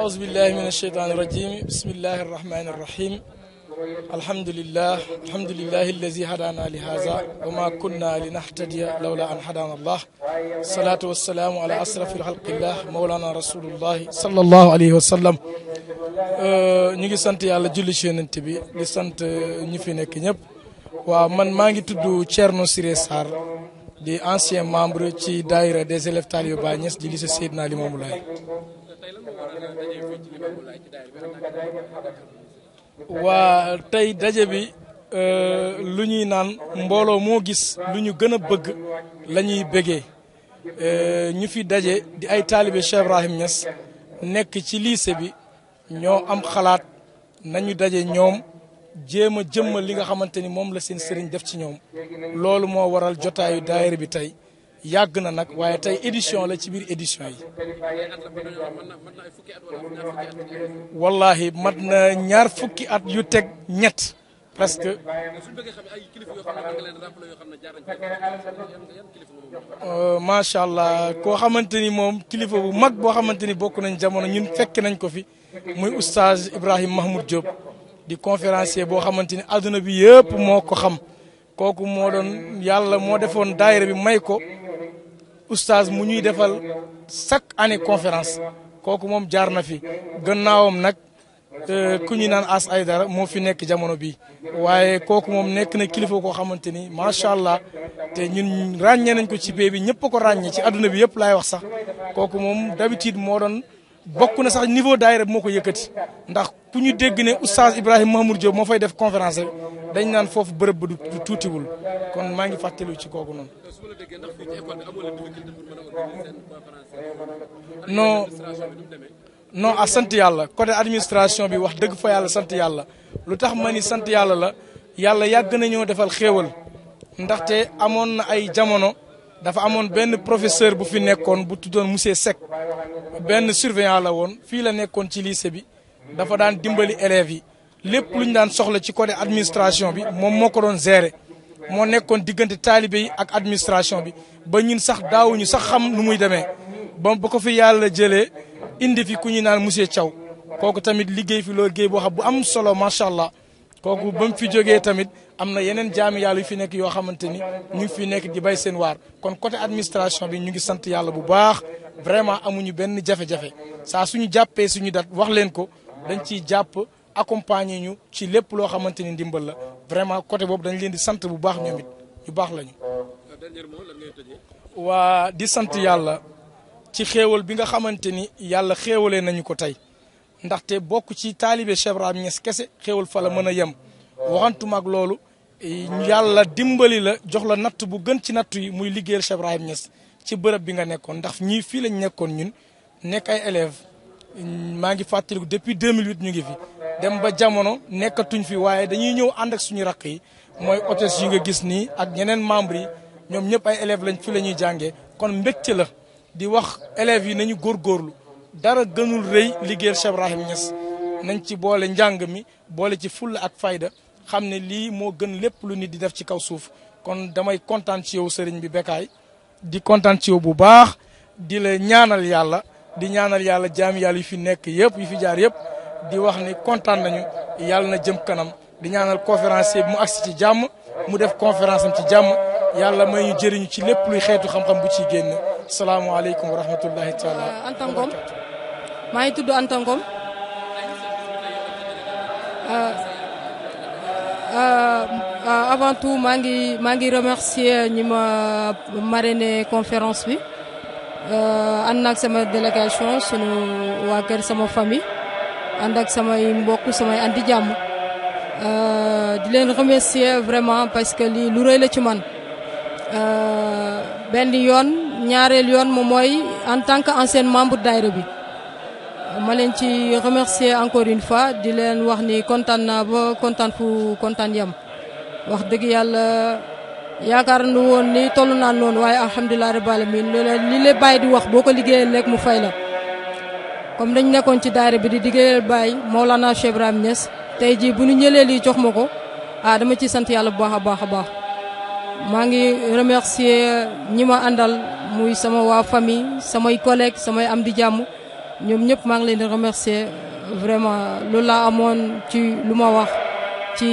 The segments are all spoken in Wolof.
أعوذ بالله من الشيطان الرجيم بسم الله الرحمن الرحيم الحمد لله الحمد لله الذي هدانا لهذا وما كنا لنهتدي لولا أن هدانا الله الصلاة والسلام على أشرف الخلق الله مولانا رسول الله صلى الله عليه وسلم نيجي سنت يالا جولي شي ci yonent bi di sant euh, ñi fi nekk ñëpp waaw man maa ngi tudd Thierno Siré Sarr di ancien membre ci daayira des élèves Talibé Baye Niass di lycée Seydina Limamou Laye waa tey daje bi euh, lu ñuy naan mbooloo moo gis lu ñu gën a bëgg la ñuy bëggee euh, ñu fi daje di ay taalibe Cheikh Ibrahim Niass nekk ci lycée bi ñoo am xalaat nañu daje ñoom jéem a jëmmal li nga xamante ni moom la seen sëriñ def ci ñoom loolu moo waral jotaayu daayira bi tey yàgg na nag waaye tey édition la ci biir édition yi wallahi mat na ñaar fukki at yu teg ñett presque euh, macha allah koo xamante ni moom kilifa bu mag boo xamante ni bokk nañ jamono ñun fekk nañ ko fi muy oustaz Ibrahima Mahmoud Diop di conférencier boo xamante ni àdduna bi yëpp moo ko xam kooku moo doon yàlla moo defoon daayira bi may ko oustaz mu ñuy defal chaque année conférence kooku moom jaar na fi gannaawam nag euh, ku ñuy naan as ay dara moo fi nekk jamono bi waaye kooku moom nekk na kilifa koo xamante ni macha allah te ñun ràññee nañ ko ci pay bi ñëpp ko ràññee ci àdduna bi yëpp laay wax sax kooku moom d'habitude moo doon bokk na sax niveau daayira bi moo ko yëkkati ndax fu ñu dégg ne oustaz ibrahim Mahmoud Diop moo fay def conférence rek dañ naan foofu bërëb bu du tuutiwul kon maa ngi fàttaliwu ci kooku noonu. non non sant yàlla côté administration bi wax dëgg fa yàlla sant yàlla lu tax ma ni sant yàlla la yàlla yàgg nañoo defal xéewal ndaxte amoon na ay jamono. dafa amoon benn professeur bu fi nekkoon bu tuddoon monsieur Seck benn surveillant la woon fii la nekkoon ci lycée bi dafa daan dimbali élèves yi lépp lu ñu daan soxla ci côté administration bi moom moo ko doon gérer moo nekkoon diggante taalibe yi ak administration bi ba ñun sax daawuñu sax xam nu muy demee ba ba ko fi yàlla jëlee indi fi ku ñuy naan monsieur caw kooku tamit liggéey fi loolu géey boo xam bu am solo macha allah kooku ba mu fi jógee tamit am na yeneen jaami yàlla yu fi nekk yoo xamante ni ñu ngi fi nekk di bay seen waar kon côté administration bi ñu ngi sant yàlla bu baax vraiment amuñu benn jafe saa suñu jàppee suñu dat wax leen ko dañ ci jàpp accompagner ñu ci lépp loo xamante ni ndimbal la vraiment côté boobu dañ leen di sant bu baax ñoom it ñu baax lañu. waa di sant yàlla ci xéewal bi nga xamante ni yàlla xéewalee nañu ko tey ndaxte bokk ci taalibe Cheikh bi Niass kese xéewal fa la mën a yem waxantu ak loolu yàlla dimbali la jox la natt bu gën ci natt yi muy liggéeyal Cheikh Ibrahima Niass ci bërëb bi nga nekkoon ndax ñii fii lañ nekkoon ñun nekk ay élèves maa ngi fàttaliku depuis 2008 ñu ngi fi dem ba jamono nekkatuñ fi waaye dañuy ñëw ànd ak suñu raq yi mooy hôtesse yi nga gis nii ak ñeneen membres yi ñoom ñëpp ay élèves lañ fi la ñuy jànge kon mbégte la di wax élèves yi nañu góor góorlu dara gënul rëy liggéeyal Cheikh Ibrahim Niass nañ ci boole njàng mi boole ci fulla ak fayda xam ne lii moo gën lépp lu nit di def ci kaw suuf kon damay kontaan ci yow sëriñ bi Bécaye di kontaan ci yow bu baax di la ñaanal yàlla di ñaanal yàlla jàmm yàlla yu fi nekk yëpp yu fi jaar yëpp di wax ni kontaan nañu yàlla na jëm kanam di ñaanal conférencier mu agsi ci jàmm mu def conférence am ci jàmm yàlla may ñu jëriñu ci lépp luy xeetu xam-xam bu ciy génn salaamaaleykum wa rahmatullahi taala Anta Ngom maa ngi tudd antangom Ngom euh, euh, euh, avant tout maa ngi maa ngi remercier ñi ma marraine conférence bi Euh, ànd ak sama délégation sunu wa kër sama famille andak sama samay sama samay anti euh di leen remercier vraiment parce que li lu rëy la ci man euh benn yoon ñaarel yoon mo moy en tant que ancien membre daayira bi ma leen ci remercier encore une fois di leen wax ni kontaan naa ba kontaan fu kontaan yam wax deug yalla yaakaar nu woon ni toll naa noonu waaye alhamdulilah rabbil alamin loola li la bàyyi di wax boo ko liggéeyal rek mu fay la comme dañ nekkoon ci daara bi di liggéeyal bàyyi naa Cheikh Ibrahim Niass tey jii bu ñu ñëlee lii jox ma ko aadama ah ci sant yàlla bu baax a baax a baax maa ngi remercier ñi ma àndal muy sama waa famille samay collègues samay am di jàmm ñoom ñëpp maa ngi leen di remercier vraiment loolu laa amoon ci lu ma wax ci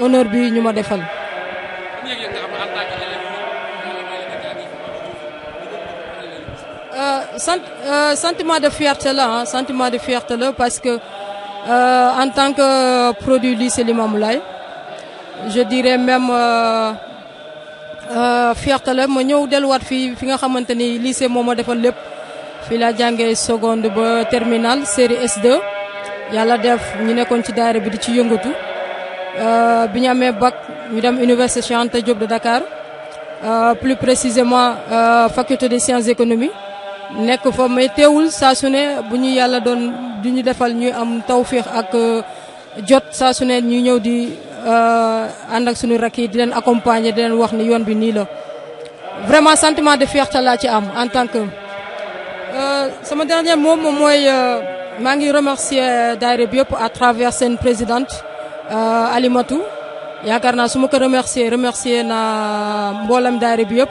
honneur bi ñu ma defal Euh, sentiment de fierté là, hein, sentiment de fierté là, parce que euh, en tant que produit lycée Limamoulaye, je dirais même euh, euh, fierté là, mon ñëw delluwaat fi nga lycée momo defal lepp fi la seconde ba terminale série S2 yalla def ñu nekkoon ci daara bi di ci yëngatu bi ñu bac ñu dem université Chante Diop de Dakar plus précisément faculté des sciences économiques nek fa may téwul sa suné buñu yalla don yàlla défal ñu ñuy am tawfiq ak euh, jot sa suné ne ñu ñëw di euh and ak suñu rakk yi di len accompagner di len wax ni yoon bi ni la vraiment sentiment de fierté la ci am en tant que euh sama dernier mot moom moy euh, maa ngi remercier daire bi yop à travers sen présidente euh, Alimatou yaakaar naa su ma ko remercier remercier na mbolam daire bi yop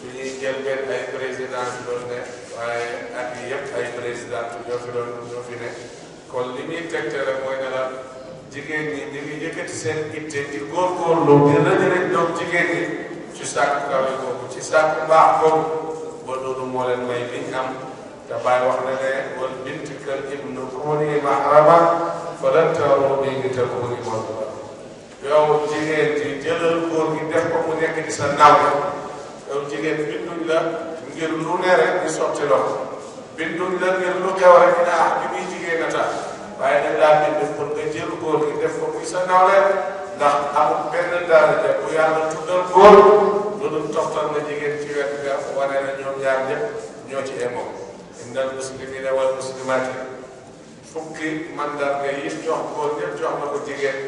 suñuy njëlbeen ay président bi doon ne waaye at yi yëpp ay président ñoo fi doon ñoo fi ne kon li muy tegtale mooy ne la jigéen ñi ñu ngi yëkkati seen itte di góorgóorlu di rëjërëj ñoom jigéen ñi ci sàkk kawe boobu ci sàkk mbaax boobu ba loolu moo leen may liñ am te bàyyi wax na ne wal bint kal ibnu kuuni mahrama falan taroo bi ngi te kuuni yow jigéen ji jëlal góor gi def ko mu nekk ci sa naaw yow jigéen binduñ la ngir lu ne rek ñu sotti lo binduñ la ngir lu xew rek ne ah bi muy jigéen a waaye dañ laa bind pour nga jël góor gi def ko muy sa nawle ndax amul benn daraja bu yàlla tuddal góor lu dul toftal na jigéen ci wet nga wane na ñoom ñaar ñëpp ñoo ci yemoo indal wal fukki mandarga yi jox góor ñëpp jox na ko jigéen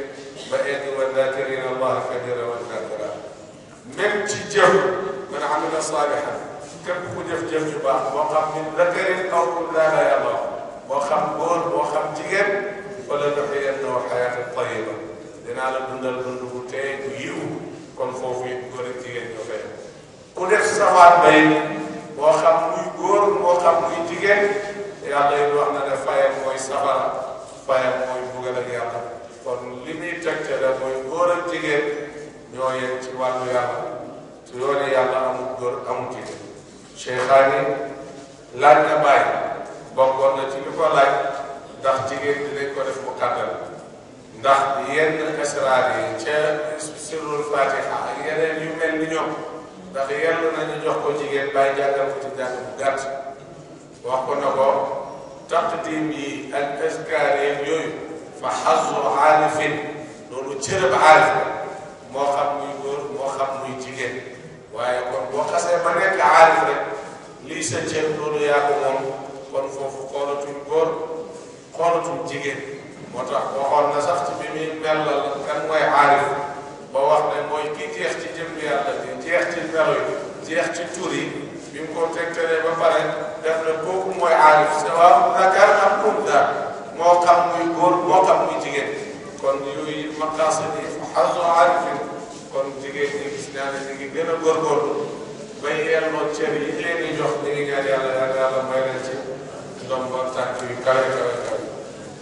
ba wa dakirina allah kadira wa dakira même ci jëf man amila saalihan képp ku jëf jëf ju baax moo xam ni dakarin aw unsaana yàlla moo xam góor moo xam jigéen wala nuhyiyannahu hayaatan tayyiba dinaa la dundal dund bu tey bu yiw kon foofu it góor ak jigéen ñoo koy ku def safaan bay moo xam muy góor moo xam muy jigéen yàlla it wax na ne fayam mooy safara fayam mooy bugal ak yàlla kon li muy tegte la mooy góor ak jigéen ñoo yem ci wàllu yàlla su loolee yàlla amul góor amul jigéen Cheikhaani laaj na bàyyi bokkoon na ci ko laaj ndax jigéen dinañ ko def mu ndax yenn asraar yi ca sirrul fatiha ak yeneen yu mel ni ñoom ndax yell nañu jox ko jigéen bàyyi jàngal ko gàtt wax ko na ko taqdim yi ak askaar yi yooyu fa xasu aalifin loolu cërëb aalif moo xam muy góor moo xam muy jigéen waaye kon boo xasee ba nekk aarif rek lii sa ceeb loolu yaa ko moom kon foofu xoolatuñ góor xoolatuñ jigéen moo tax waxoon na sax ci bi muy mellal kan mooy aarif ba wax ne mooy ki jeex ci jëm yàlla ji jeex ci melo yi jeex ci tur yi bi mu ko tegtalee ba pare def na kooku mooy aarif sawaab nakar ak unsa moo xam muy góor moo xam muy jigéen kon yooyu maqaasid yi xasu aarifin kon jigéen ñi gis naa ne ñu ngi gën a góorgóorlu bay yelloo cër yi leen jox ñu ngi ñaan yàlla yàlla may leen ci ndombo tànk yu kawe kawe kawe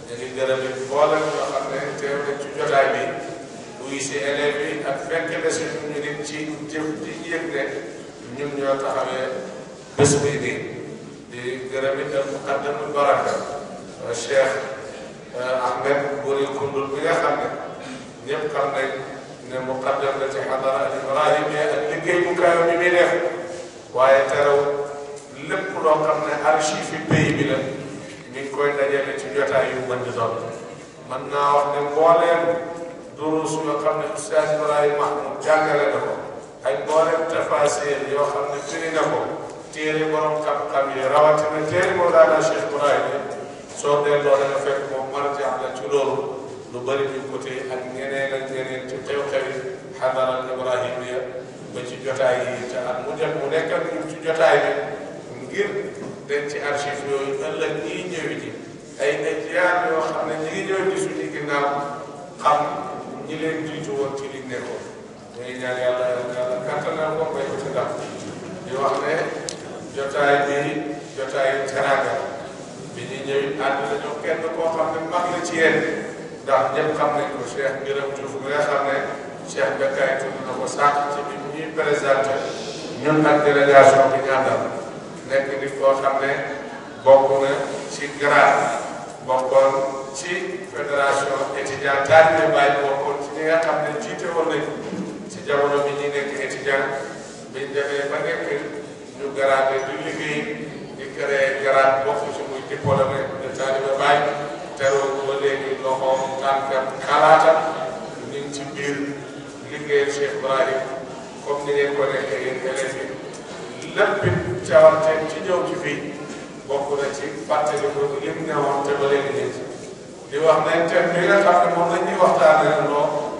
ñu ngi gërëm it mboolem bi buy si élèves ak fekk na si ñu nit ci jëf di yëg ne ñun ñoo taxawee bés bi nii di gërëm it ak muqaddamul baraka Cheikh eh, Ahmed Boury Koundoul bi nga xam ne ñëpp xam nañ من المقدمة حضرة إبراهيم liggéey bu kaayam bi muy def waaye teraw lépp loo xam ne archive pays bi la mi ngi koy dajale ci jotaay yu mën di doon mën naa wax ne mbooleem durus yoo xam ne Oustaz Ibrahima Mahmoud jàngale na ko ay mbooleem tafasir yoo xam ne firi na ko téere borom xam-xam yi rawatina téere Mawlana Cheikh Ibrahima soo delloo da nga fekk moom marja la ci loolu lu bari ñu ko téye ak ñeneen ak ñeneen ci xew-xewi xadaral ibrahimiya ba ci jotaay yi te at mu jot mu nekk ak bi ngir den ci archive yooyu ëllëg ñii ji ay ay jaar yoo xam ne ñi ngi ñëw di suñu ginnaaw xam ñi leen jiitu woon ci liñ nekkoon bi jotaayu teraanga bi ñu ñëw ànd la ñoo kenn koo xam ne mag la ci yéen ndax ñëpp xam nañ ko Cheikh Ngërëm Diouf mi nga xam ne Cheikh Bekkaay tudd na ko sànq ci bi ñuy présenté ñun ak délégation bi ñu nekk nit koo xam ne bokk na ci grade bokkoon ci fédération étudiant daal di bàyyi bokkoon ci ñi nga xam ne jiite woon nañ ci jamono bi ñuy nekk étudiant biñ demee ba nekk ñu garaade du liggéey di créé grade bokk ci muy diplôme de taalibe Baay xalaatam ñu ngi ci biir liggéeyal Cheikh Ibrahim comme ni ngeen ko nekkee yéen élèves yi lépp it caawarteem ci ñëw ci fii bokk ci fàttali ko lim ne woon te ba léegi ñu ci di wax ne thème bi nga xam ne moom la ñuy waxtaanee loo